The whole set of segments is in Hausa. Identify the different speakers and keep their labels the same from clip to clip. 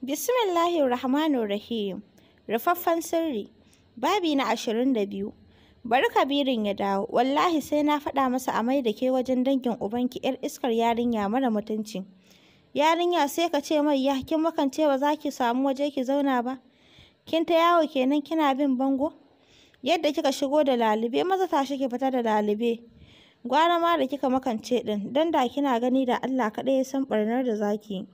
Speaker 1: Bismillahir Rahmanir Rahim. Rufaffen sirri. Babi na ashirin da biyu. Bari Kabirin ya dawo, wallahi sai na faɗa masa a mai da ke wajen dangin ubanki 'yar iskar yarinya mara mutunci. Yarinya sai ka ce mai ya kin makance ba za ki samu waje ki zauna ba. Kin ta yawo kenan kina bin bango? Yadda kika shigo da lalube maza tashi ki fita da lalube. Gwara ma da kika makance din. don da kina gani da Allah kaɗai ya san ɓarnar da zaki yi.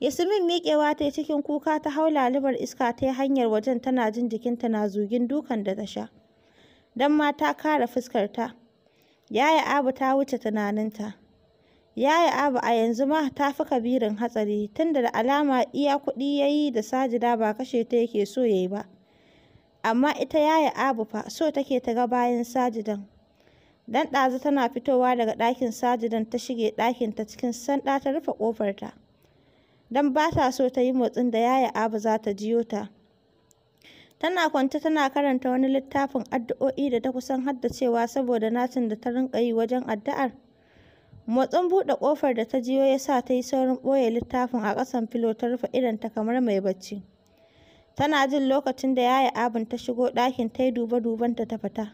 Speaker 1: Yasmin miƙewa ta yi cikin kuka ta hau lalubar iska ta yi hanyar wajen tana jin jikinta na zugin dukan da ta sha. Don ma ta kare fuskarta. Yaya Abu ta wuce tunaninta. Yaya Abu a yanzu ma ta fi kabirin hatsari tunda da alama iya kuɗi ya yi da sajida ba kashe ta yake so ya yi ba. Amma ita yaya Abu fa so take ta ga bayan sajidan. Dan ɗazu tana fitowa daga ɗakin sajidan ta shige ɗakinta cikin sanda ta rufe ƙofarta. don ba ta so ta yi motsin da yaya Abu za ta jiyo ta. Tana kwanta tana karanta wani littafin addu'o'i da ta kusan haddacewa saboda nacin da ta rinka yi wajen addu'ar. Motsin buɗe ƙofar da ta jiyo ya sa ta yi saurin ɓoye littafin a ƙasan filo ta rufe ta kamar mai bacci. Tana jin lokacin da yaya abin ta shigo ɗakin ta yi duba-dubanta ta fita.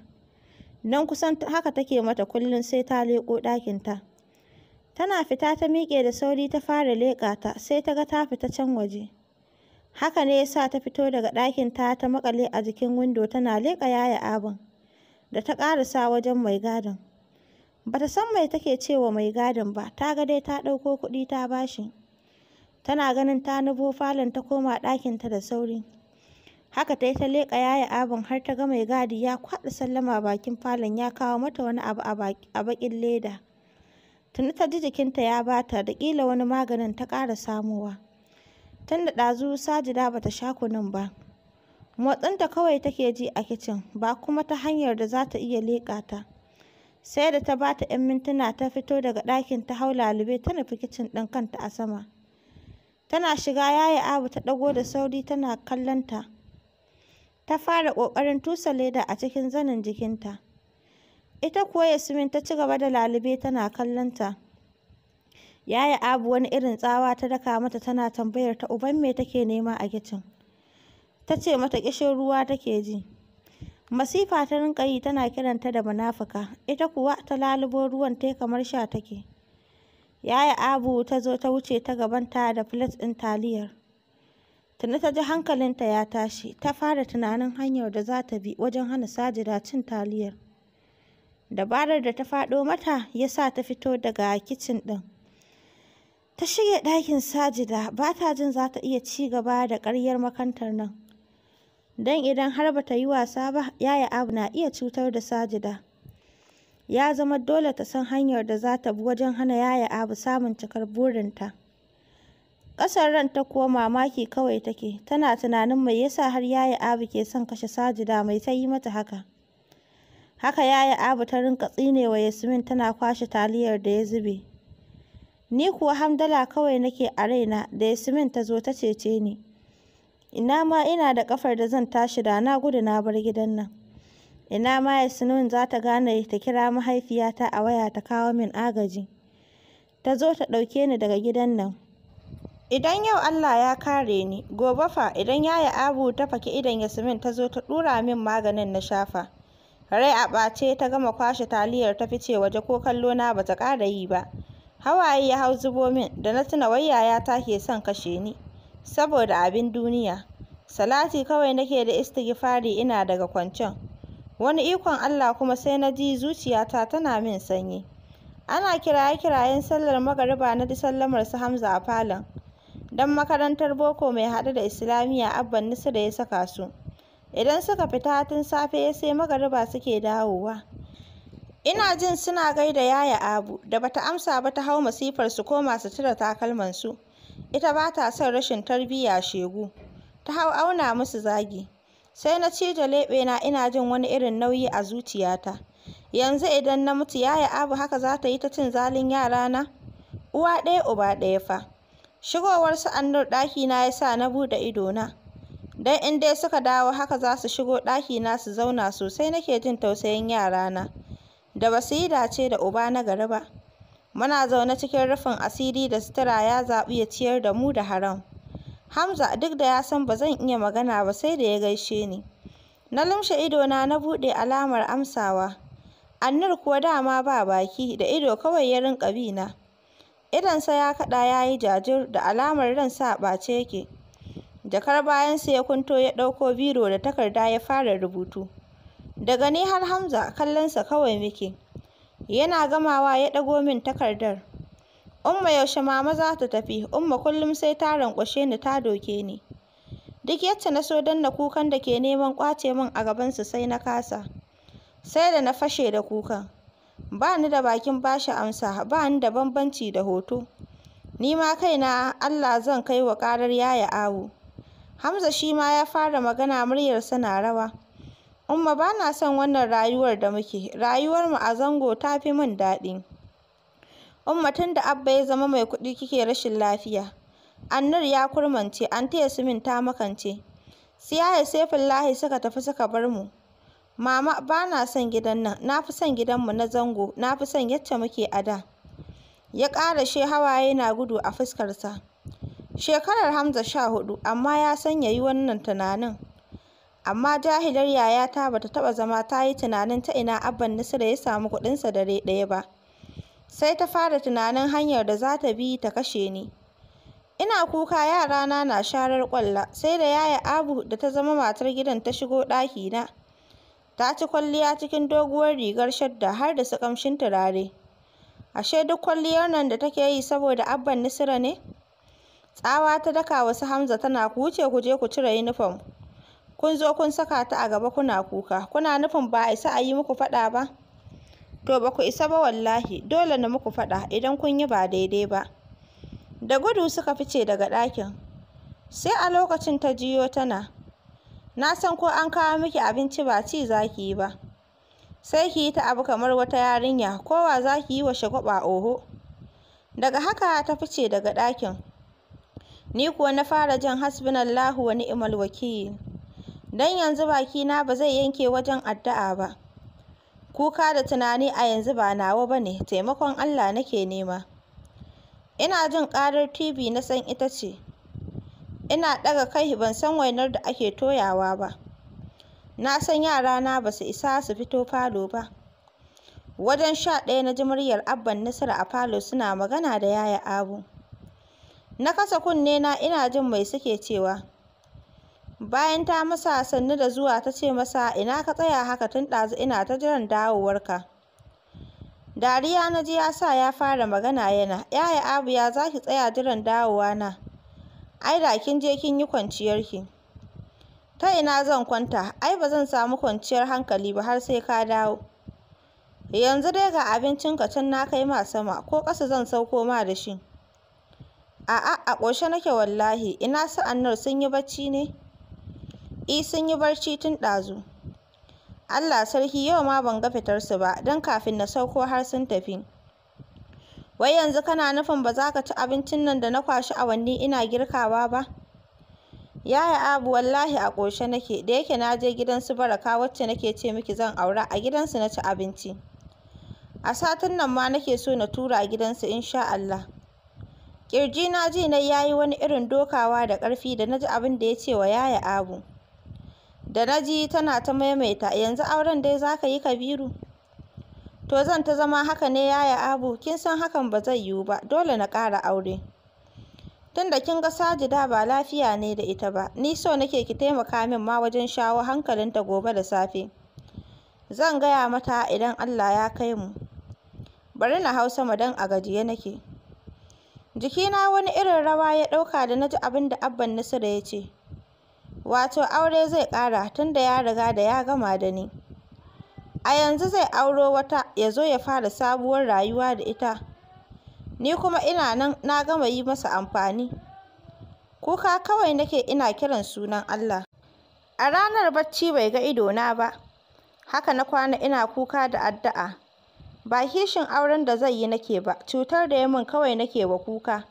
Speaker 1: Nan kusan haka take mata kullum sai ta leƙo ɗakinta. Tana fita ta miƙe da sauri ta fara leƙa ta, sai ta ga ta fita can waje. Haka ne ya sa ta fito daga ɗakin ta ta maƙale a jikin windo tana leƙa yaya abin. Da ta ƙarasa wajen mai gadin. Ba ta san mai take cewa mai gadin ba, ta ga dai ta ɗauko kuɗi ta bashi. Tana ganin ta nubo falon ta koma ɗakinta da sauri. Haka ta yi ta leƙa yaya abin har ta ga mai gadi ya kwaɗa sallama bakin falon ya kawo mata wani abu a baƙin leda. tuni ta ji jikinta ya bata da ƙila wani maganin ta ƙara samowa tun da ɗazu sajida bata sha kunun ba motsinta kawai take ji a kicin ba kuma ta hanyar da za ta iya leƙa ta sai da ta bata 'yan mintuna ta fito daga ɗakin ta hau lalube ta nufi kicin ɗin kanta a sama tana shiga yaya abu ta ɗago da sauri tana kallonta ta fara ƙoƙarin tusa leda a cikin zanin jikinta ita kuwa yasmin ta ci gaba da lalube tana kallon ta yaya abu wani irin tsawa ta daka mata tana tambayar ta uban me take nema a kicin ta ce mata kishin ruwa take ji masifa ta rinka yi tana kiranta da munafuka ita kuwa ta lalubo ruwan ta kamar sha take yaya abu ta zo ta wuce ta gaban ta da filet ɗin taliyar tuni ta ji hankalinta ya tashi ta fara tunanin hanyar da za ta bi wajen hana sajida cin taliyar Dabarar da ta faɗo mata ya sa ta fito daga kicin ɗin. Ta shige ɗakin sajida ba ta jin za ta iya ci gaba da ƙaryar makantar nan. Don idan har ba ta yi wasa ba, yaya abu na iya cutar da sajida. Ya zama dole ta san hanyar da za ta bi wajen hana yaya abu samun cikar burinta. Ƙasar ran ta kuwa mamaki kawai take, tana tunanin mai yasa har yaya abu ke son kashe sajida mai ta yi mata haka. Haka ya yi Abu ta rinka wa Yasmin tana kwashe taliyar da ya zube. Ni kuwa hamdala kawai nake a raina da Yasmin ta zo ta cece ni. Ina ma ina da kafar da zan tashi da na gudu na bar gidan nan. Ina ma Yasmin za ta gane ta kira mahaifiyata a waya ta kawo min agaji. Ta zo ta ɗauke ni daga gidan nan. Idan yau Allah ya kare ni, gobe fa idan ya yi Abu ta faki idon Yasmin ta zo ta ɗura min maganin na shafa. rai a ɓace ta gama kwashe taliyar ta fice waje ko kallo na bata ƙara yi ba hawaye ya hau zubo min da na tuna wai yayata ke son kashe ni saboda abin duniya salati kawai nake da istighfari ina daga kwancen wani ikon Allah kuma sai na ji zuciyata tana min sanyi ana kiraye-kirayen sallar magariba na ji sallamar su Hamza a falon dan makarantar boko mai haɗe da islamiyya abban Nisa da ya saka su idan suka fita tun safe sai magariba suke dawowa ina jin suna gaida yaya abu da bata amsa ba ta hau masifar su koma su cire takalman su ita ba ta son rashin tarbiyya shegu ta hau auna musu zagi sai na cije leɓe na ina jin wani irin nauyi a zuciyata yanzu idan na mutu yaya abu haka za ta yi ta cin zalin yara na uwa ɗaya uba ɗaya fa shigowar su annur ɗaki na ya sa na buɗe idona. don in dai suka dawo haka za su shigo ɗakina su zauna sosai nake jin tausayin yarana da ba su yi dace da uba na gari ba. Muna zaune cikin rufin asiri da sutura ya zaɓi ya ciyar da mu da haram. Hamza duk da ya san ba zan iya magana ba sai da ya gaishe ni. Na lumshe idona na buɗe alamar amsawa. Annur kuwa dama ba baki da ido kawai ya rinƙa bi na. Idonsa ya kaɗa ya yi jajir da alamar ransa a ɓace yake. jakar bayansa ya kunto ya ɗauko biro da takarda ya fara rubutu. Daga ni har Hamza kallonsa kawai muke. Yana gamawa ya ɗago min takardar. Umma yaushe mama za ta tafi, Umma kullum sai ta rankwashe ni ta doke ni. Duk yadda na so danna kukan da ke neman ƙwace min a gabansu sai na kasa. Sai da na fashe da kukan. Ba ni da bakin bashi amsa, ba ni da bambanci da hoto. Ni ma kaina Allah zan kai wa ƙarar yaya awo. Hamza shi ma ya fara magana muryarsa na rawa. Umma ba na son wannan rayuwar da muke, rayuwarmu a zango ta fi min daɗi. Umma tun da Abba ya zama mai kuɗi kike rashin lafiya. Annur ya kurmance, su min ta makance. sai Saifullahi suka tafi suka bar mu. Mama ba na son gidan nan, na fi son gidanmu na zango, na fi son yacce muke a da. Ya ƙara shi hawaye na gudu a fuskarsa. Shekarar Hamza sha hudu, amma ya san ya yi wannan tunanin. Amma jahilar yayata ba ta taɓa zama ta yi tunanin ta ina Abban Nasiru ya samu kuɗinsa dare ɗaya ba. Sai ta fara tunanin hanyar da za ta bi ta kashe ni. Ina kuka yarana na sharar ƙwalla, sai da yaya Abu da ta zama matar gidan ta shigo na. Ta ci kwalliya cikin doguwar rigar shadda har da su ƙamshin turare. Ashe duk kwalliyar nan da take yi saboda Abban Nusra ne? Tsawa ta daka wasu Hamza tana ku wuce ku je ku cire yunifom. Kun zo kun saka ta a gaba kuna kuka. Kuna nufin ba a isa a yi muku faɗa ba? To ba ku isa ba wallahi. Dole na muku faɗa idan kun yi ba daidai ba. Da gudu suka fice daga ɗakin. Sai a lokacin ta jiyo tana. Na san ko an kawo miki abinci ba ci za ki yi ba. Sai ki yi ta abu kamar wata yarinya. Kowa za ki yi wa shagwaba oho. Daga haka ta fice daga ɗakin. Ni kuwa na fara jin hasbunallahu wa ni'mal wakil. Dan yanzu bakina ba zai yanke wajen addu'a ba. Kuka da tunani a yanzu ba nawa ba ne, taimakon Allah nake nema. Ina jin karar TV na san ita ce. Ina ɗaga kai ban san wainar da ake toyawa ba. Na san na ba su isa su fito falo ba. Wajen sha ɗaya na ji Abban nasara a falo suna magana da Yaya Abu. Na kasa kunne na ina jin mai suke cewa. Bayan ta masa sannu da zuwa ta ce masa ina ka tsaya haka tun ɗazu ina ta jiran dawowarka. Dariya na ji ya sa ya fara magana yana yaya Abu ya za ki tsaya jiran dawowa na. Ai da kin je kin yi kwanciyarki. Ta ina zan kwanta ai ba zan samu kwanciyar hankali ba har sai ka dawo. Yanzu dai ga abincinka can na kai ma sama ko ƙasa zan sauko ma da shi. A'a, a ƙoshe nake wallahi. Ina su nan sun yi bacci ne? I e, sun yi barci tun ɗazu. Allah sarki yau ma ban ga fitar su ba, don kafin na sauko har sun tafi. Wai yanzu kana nufin ba za ka ci abincin nan da na kwashi awanni ina girkawa ba? Ya yi Abu wallahi a ƙoshe nake, da yake na je gidan su Baraka wacce nake ce miki zan aura, a gidansu na ci abinci. A satin nan ma nake so na tura gidansu insha Allah. na ji na yayi wani irin dokawa da ƙarfi da na ji abin da ya ce wa yaya abu da na ji tana ta maimaita yanzu auren dai za ka yi kabiru to zan ta zama haka ne yaya abu kin san hakan ba zai yiwu ba dole na ƙara aure tunda kin ga sajida ba lafiya ne da ita ba ni so nake ki taimaka min ma wajen shawo hankalinta gobe da safe zan gaya mata idan allah ya kai mu bari na hau sama don a gajiye nake Jikina wani irin rawa ya ɗauka da na ji abin da Abban Nasiru ya ce. Wato aure zai ƙara tunda ya riga da ya gama da ni. A yanzu zai auro wata ya zo ya fara sabuwar rayuwa da ita. Ni kuma ina nan na gama yi masa amfani. Kuka kawai nake ina kiran sunan Allah. A ranar bacci bai ga idona ba. Haka na kwana ina kuka da addu'a. Ba kishin auren da zai yi nake ba, cutar da ya mun kawai nake wa kuka.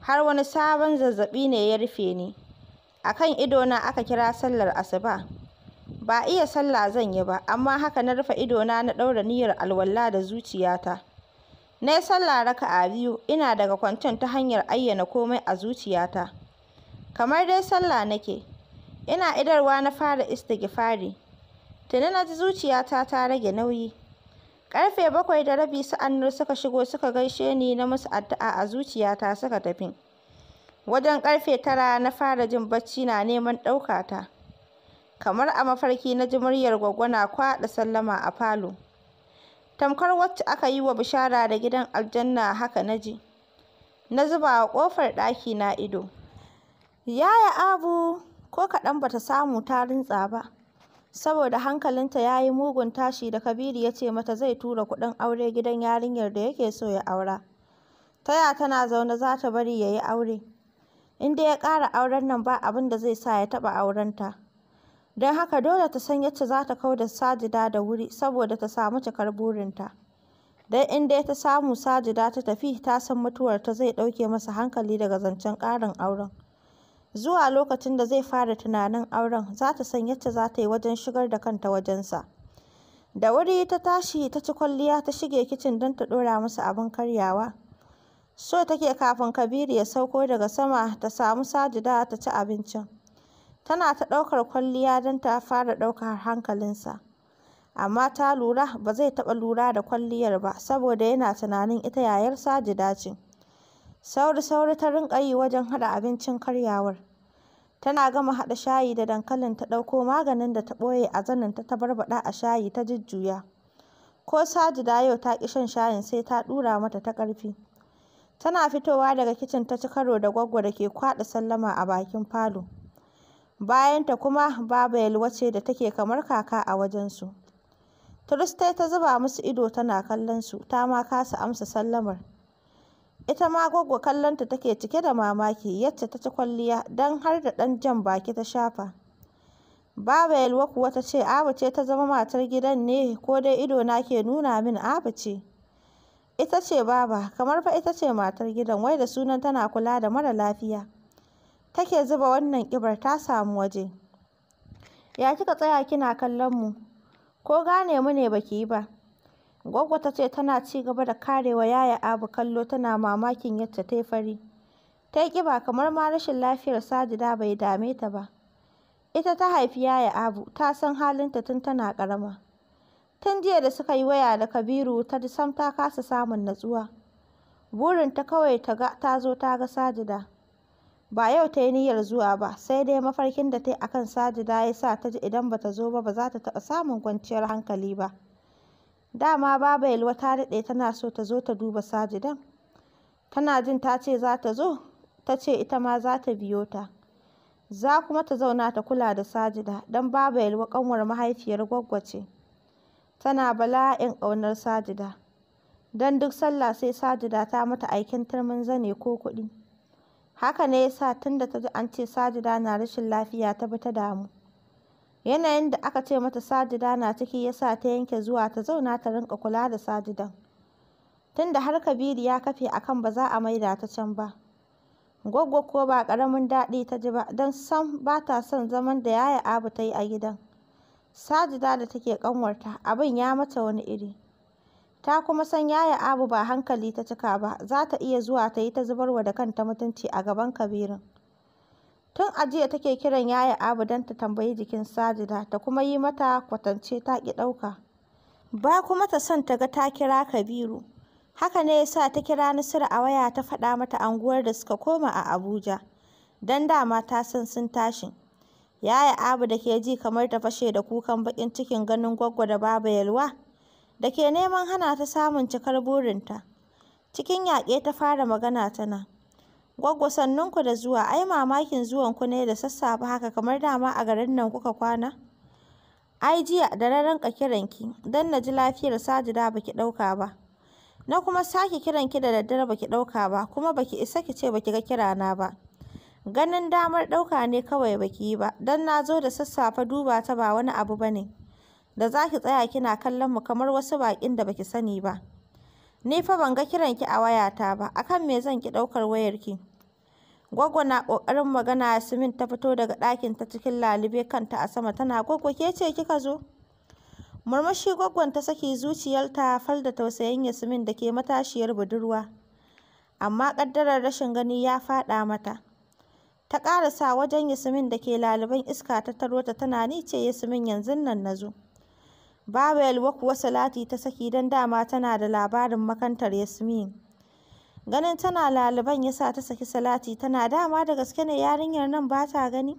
Speaker 1: Har wani sabon zazzaɓi ne ya rufe ni. A kan idona aka kira sallar asuba. Ba iya sallah zan yi ba, amma haka na rufe idona na ɗaura niyyar alwala da zuciyata. Na yi raka a biyu, ina daga kwanton ta hanyar ayyana komai a zuciyata. Kamar dai sallah nake, ina idarwa na fara istighfari. Tuni na ji zuciyata ta rage nauyi. Karfe bakwai da rabi su nan suka shigo suka gaishe ni na musu addu'a a zuciyata suka tafi. Wajen karfe tara na fara jin bacci na neman ɗauka ta. Kamar a mafarki na ji muryar na kwaɗa sallama a falo. Tamkar wacce aka yi wa bishara da gidan aljanna haka na ji. Na zuba wa ƙofar ɗaki na ido. Yaya Abu ko kaɗan ba ta samu ta rintsa ba. saboda hankalinta ya yi mugun tashi da Kabiru ya ce mata zai tura kuɗin aure gidan yarinyar da yake so ya aura. Ta ya tana zaune za ta bari ya yi aure? In dai ya ƙara auren nan ba abin da zai sa ya taɓa aurenta. Don haka dole ta san yadda za ta kau da Sajida da wuri saboda ta samu cikar burinta. Don in dai ta samu Sajida ta tafi ta san mutuwar ta zai ɗauke masa hankali daga zancen ƙarin auren. zuwa lokacin da zai fara tunanin auren za ta san yadda za ta yi wajen shigar da kanta wajensa. Da wuri ta tashi ta ci kwalliya ta shige kicin don ta ɗora masa abin karyawa. So take kafin Kabiru ya sauko daga sama ta samu sajida ta ci abincin. Tana ta ɗaukar kwalliya don ta fara ɗaukar hankalinsa. Amma ta lura ba zai taɓa lura da kwalliyar ba saboda yana tunanin ita yayar sajida ce. Sauri-sauri ta rinƙa yi wajen haɗa abincin karyawar. Tana gama haɗa shayi da dankalin ta ɗauko maganin da ta ɓoye a zaninta ta ta barbaɗa a shayi ta jujjuya. Ko Sajida yau ta ƙi shan shayin sai ta ɗura mata ta ƙarfi. Tana fitowa daga kicin ta ci karo da Gwaggo da ke kwaɗa sallama a bakin falo. Bayanta kuma Baba Yelwa ce da take kamar kaka a wajensu. Turistai ta zuba musu ido tana kallon su, ta ma kasa amsa sallamar. Ita ma Goggo kallonta take cike da mamaki yadda ta ci kwalliya don har da ɗan jan baki ta shafa. Baba Yalwa kuwa ta ce Abu ce ta zama matar gidan ne ko dai ido na ke nuna min Abu ce. Ita ce Baba, kamar fa ita ce matar gidan wai da sunan tana kula da mara lafiya. Take zuba wannan ƙibar ta samu waje. Ya kika tsaya kina kallon mu? Ko gane mu ne baki yi ba? Gwaggo ta ce tana ci gaba da karewa Yaya Abu kallo tana mamakin yadda ta yi fari. Ta yi ƙiba kamar ma rashin lafiyar Sajida bai dame ta ba. Ita ta haifi Yaya Abu, ta san halinta tun tana ƙarama. Tun jiya da suka yi waya da Kabiru ta ji sam ta kasa samun natsuwa. burin ta kawai ta ga ta zo ta ga Sajida. Ba yau ta yi niyyar zuwa ba, sai dai mafarkin da ta yi akan Sajida ya sa ta ji idan ba ta zo ba ba za ta taɓa samun kwanciyar hankali ba. Dama Baba yalwa ta daɗe tana so ta zo ta duba Sajidan. Tana jin ta ce za ta zo, ta ce ita ma za ta biyo ta. Za kuma ta zauna ta kula da Sajida don Baba yalwa ƙanwar mahaifiyar Gwaggo ce. Tana bala'in ƙaunar Sajida. Don duk sallah sai Sajida ta mata aikin turmin zane ko kuɗi. Haka ne ya sa tun da ta ji an ce Sajida na rashin lafiya ta bi ta damu. Yanayin da aka ce mata Sajida na ciki ya sa ta yanke zuwa ta zauna ta rinka kula da Sajidan. Tunda har Kabiru ya kafe a kan ba za a maida ta can ba. gwaggwa ko ba ƙaramin daɗi ta ji ba don sam ba ta son zaman da yaya Abu ta yi a gidan. Sajida da take ƙanwarta abin ya mata wani iri. Ta kuma san yaya Abu ba hankali ta cika ba za ta iya zuwa ta yi ta zubarwa da kanta mutunci a gaban Kabirin. Tun ajiya take kiran yaya Abu don ta tambayi jikin Sajida ta kuma yi mata kwatance ta ki ɗauka. Ba kuma ta son ta ga ta kira Kabiru. Haka ne ya sa ta kira Nasiru a waya ta faɗa mata anguwar da suka koma a Abuja. Don dama ta san sun tashi. Yaya Abu da ke ji kamar ta fashe da kukan baƙin cikin ganin Gwaggo da Baba Yalwa da ke neman hana ta samun cikar burinta. Cikin yaƙe ta fara magana tana. Gwaggo sannunku da zuwa, ai mamakin zuwanku ne da sassafe haka kamar dama a garin nan kuka kwana. Ai jiya da na rinƙa kiranki, don na ji lafiyar Sajida baki ɗauka ba. Na kuma sake kiranki da daddare baki ɗauka ba, kuma baki isa ki ce baki ki ga kirana ba. Ganin damar ɗauka ne kawai baki yi ba, don na zo da sassafe duba ta ba wani abu ba ne. Da za ki tsaya kina kallon mu kamar wasu baƙin da baki sani ba. Ni fa ban ga kiranki a wayata ba, akan me zan ki ɗaukar wayarki? Gwaggo na ƙoƙarin magana Yasmin ta fito daga ɗakin ta cikin lalube kanta a sama tana gwaggo ke ce kika zo? Murmushi gwaggon ta saki zuciyarta fal da tausayin Yasmin da ke matashiyar budurwa. Amma ƙaddarar rashin gani ya faɗa mata. Ta ƙarasa wajen Yasmin da ke laliban iska ta taro ta tana ni ce Yasmin yanzu nan na zo. Baba yalwa kuwa Salati ta saki don dama tana da labarin makantar Yasmin. Ganin tana laliban ya sa ta saki Salati tana dama da gaske ne yarinyar nan ba ta gani.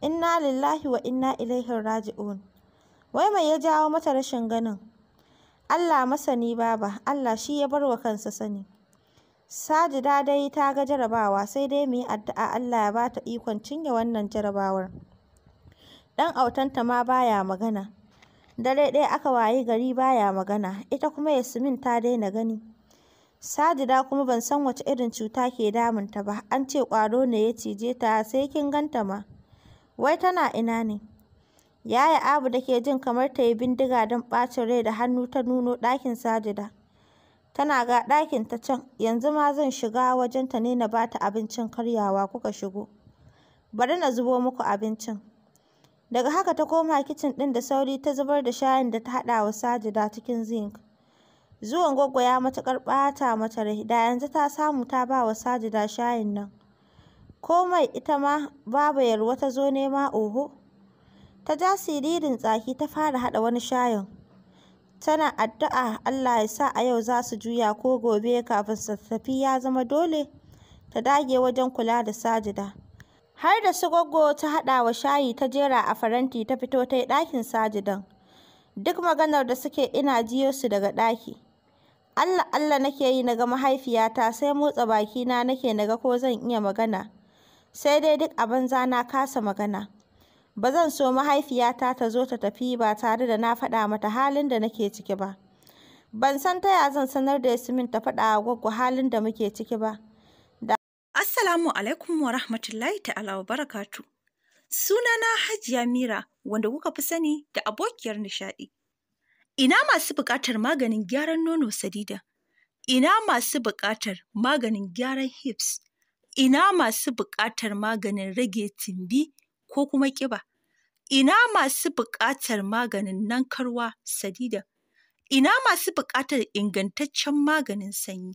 Speaker 1: Inna lillahi wa inna ilaihin raji'un. Wai mai ya jawo mata rashin ganin? Allah masani baba, Allah shi ya bar wa kansa sani. Sajida dai ta ga jarabawa sai dai mu yi addu'a Allah ya ba ta ikon cinye wannan jarabawar. Dan autanta ma baya magana. Dare ɗaya aka wayi gari baya magana, ita kuma Yasmin ta daina gani. Sajida kuma ban san wace irin cuta ke damun ta ba, an ce ƙwaro ne ya cije ta sai kin ganta ma. Wai tana ina ne? Yaya Abu da ke jin kamar ta yi bindiga don ɓacin rai da hannu ta nuno ɗakin Sajida. Tana ga ɗakin ta can, yanzu ma zan shiga wajenta ne na ba ta abincin karyawa kuka shigo. Bari na zubo muku abincin. Daga haka ta koma kicin ɗin da sauri ta zubar da shayin da ta haɗa wa Sajida cikin zinc. Zuwan Goggo ya matuƙar ɓata mata rai, da yanzu ta samu ta ba wa Sajida shayin nan. Komai ita ma babu Yalwa ta zo nema oho. Ta ja siririn tsaki ta fara haɗa wani shayin. Tana addu'a Allah ya sa a yau za su juya ko gobe kafin sassafi ya zama dole ta dage wajen kula da Sajida. har da su Goggo ta haɗa wa shayi ta jera a faranti ta fito ta yi ɗakin sajidan. Duk maganar da suke ina jiyo su daga ɗaki. Allah Allah nake yi naga mahaifiyata sai motsa baki na nake naga ko zan iya magana. Sai dai duk abin zana kasa magana. Ba zan so mahaifiyata ta zo ta tafi ba tare da na faɗa mata halin da nake ciki ba. Ban san ta ya zan sanar da Yasmin ta faɗa wa Goggo halin da muke ciki ba. Assalamu alaikum wa rahmatullahi ta'ala
Speaker 2: wa barakatu. Sunana Hajiya Mira wanda kuka fi sani da abokiyar nishaɗi. Ina masu buƙatar maganin gyaran nono sadida. Ina masu buƙatar maganin gyaran hips. Ina masu buƙatar maganin rage tumbi ko kuma ƙiba. Ina masu buƙatar maganin nankarwa sadida. Ina masu buƙatar ingantaccen maganin sanyi.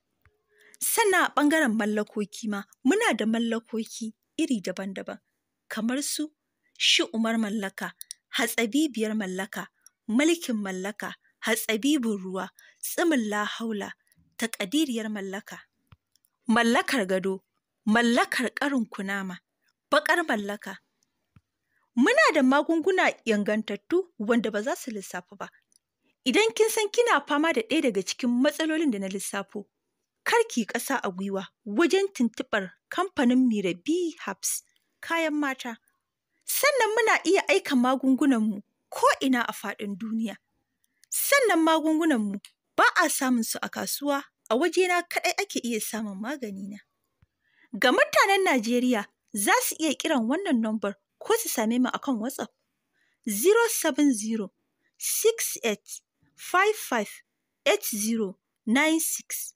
Speaker 2: Sannan a ɓangaren mallakoki ma muna da mallakoki iri daban-daban kamar su shi umar mallaka, hatsabibiyar mallaka, mulkin mallaka, hatsabibin ruwa, tsimin lahaula, takadiriyar mallaka. Mallakar gado, mallakar ƙarin kunama, baƙar mallaka. Muna da magunguna yangantattu wanda ba za su lissafu ba. Idan kin san kina fama da ɗaya daga cikin matsalolin da na lissafo, karki ƙasa a gwiwa wajen tuntuɓar kamfanin Mirabi Hubs kayan mata. Sannan muna iya aika magungunanmu ko ina a faɗin duniya. Sannan magungunanmu ba a samun su a kasuwa a wajena kaɗai ake iya samun magani na. Ga mutanen Najeriya za su iya kiran wannan nombar ko su same mu akan WhatsApp 070 68 55 six.